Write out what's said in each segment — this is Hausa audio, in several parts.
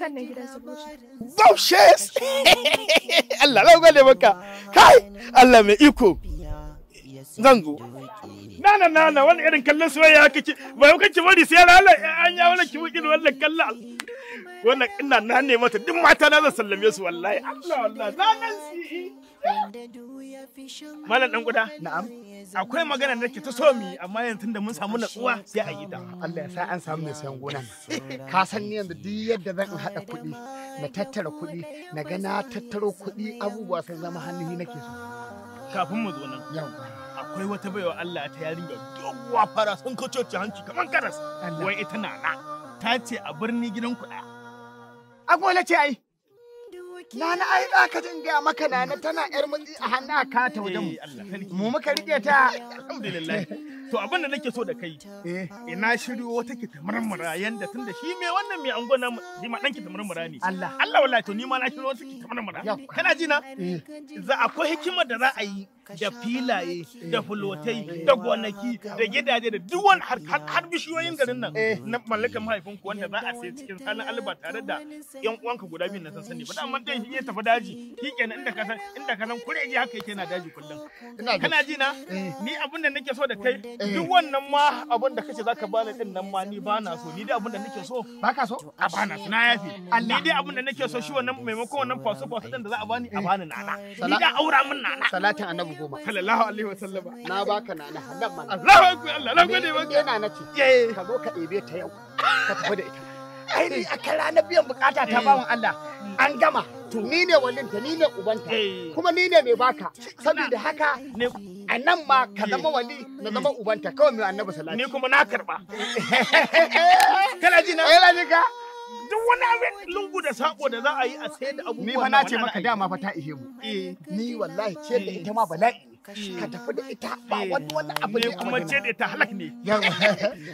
sannan gidan su Zaushes! Allah na gode maka. Kai! Allah mai iko. Zan zo. Nana nana wani irin kallon soyayya ce Bai kake bari sai ranar an ya wani kiwukin wannan kallon. wannan ina na ne mata duk mata na zan sallame su wallahi Allah Allah na nan si Malam dan guda na'am akwai magana da ke ta so mi amma yanzu da mun samu natsuwa sai a yi da Allah ya sa an samu mai sayan gonan ka san ni yanzu duk yadda zan haɗa kuɗi na tattara kuɗi na ga tattaro kuɗi abubuwa sun zama hannu nake so kafin mu zo nan akwai wata baiwa Allah ta yarinya doguwa fara sun kacoci hanci kamar karas wai ita na na ta ce a birni gidan kuɗa Agola ce ai. Nana ai za ka jin gaya maka nana tana yar mutsi a hannu a kata wajen mu. Eh, mu muka riƙe ta. Alhamdulillah. To abin da nake so da kai, eh. ina shiryo wata ki tamarmara yanda tun da shi me wannan mai angona shi ma ɗanki tamarmara ne. Allah. Allah wallahi to ni ma na shiryo wata ki tamarmara. Kana ji na? Eh. Za akwai hikimar da za a yi da filaye, da eh. fulotai, da gonaki, da gidaje, da duk wani har bishiyoyin garin nan na mallakan ku wanda za a sai cikin salon alba tare da yan uwanka guda biyu na san sani. Ba amma dai shi ya tafi daji, shi kenan inda ka san inda ka san kurege haka yake na daji kullum. Kana ji na? Ni abin da nake so da kai duk eh. wannan ma abin da kace zaka bani din nan ma ni ba na so ni dai abin da nake so ka so a bana na yafi ni dai abin da nake so shi wannan maimakon wannan faso faso din da za a bani a bani nana ni da aura min nana salatin annabi goma sallallahu alaihi wasallam na baka nana halal mana Allahu akbar Allah na gode maka yana ci ka zo ka ebe ta yau ka tafi da ita ai a kara na biyan bukata ta bawon Allah an gama ni ne walinta ni ne ubanta eh. kuma ni ne mai baka saboda haka a nan ma ka zama wali na zama ubanta kawai mai annabi salati ni kuma na karba kana ji na yana eh, ji ka duk wani abin lungu da sako da za a yi a sayar da abubuwa ni fa na ce maka dama fa ta ihe mu eh. ni wallahi ce da ita ma bala'i ka tafi da ita ba wani wani abu ne kuma ce da ita halak ne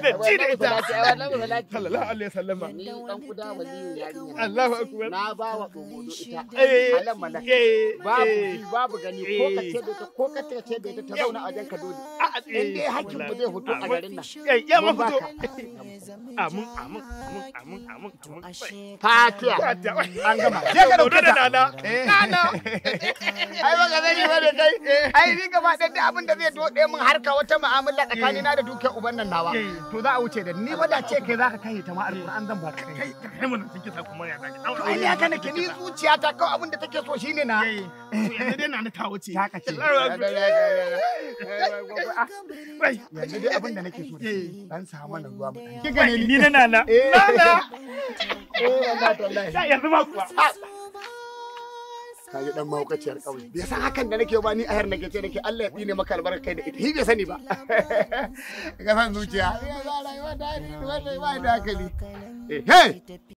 da ci da ita sallallahu alaihi wasallam ni dan kuda waliyu yarinya Allahu akbar na ba wa dogodo ita halan malaka eh, eh. babu babu gani ko ka ce da ita ko ka ce da ita ta eh. zauna a wajen ka dole ah, in dai hakkin mu zai hoto a ah, garin nan ya ma fito amun, amun, amun, amun. amin fatiya an gama je ka dauke da nana nana ai baka sani ba da kai ai ni gaba da duk abin da zai dode min harka wata mu'amala tsakani na da dukiyar uban nan nawa eh, eh. to za a wuce da ni ba da ce kai zaka kai ta ma alquran zan ba kai kai kai mun cikin sa kuma ya zaki ai ya kana ke ni zuciya ta kawai abin da take so shine na eh, to yanzu dai na ta wuce ta kace yanzu dai abin da nake so dan sa mana ruwa mu kike ne ni na na na na eh wallahi yanzu ma kuwa ka ji dan mahaukaciyar kauye bai san hakan da nake ba ni ayar nake ce nake Allah ya tsine maka albarka kai da ita hi bai sani ba ga san zuciya ya za rayuwa da ni ba da eh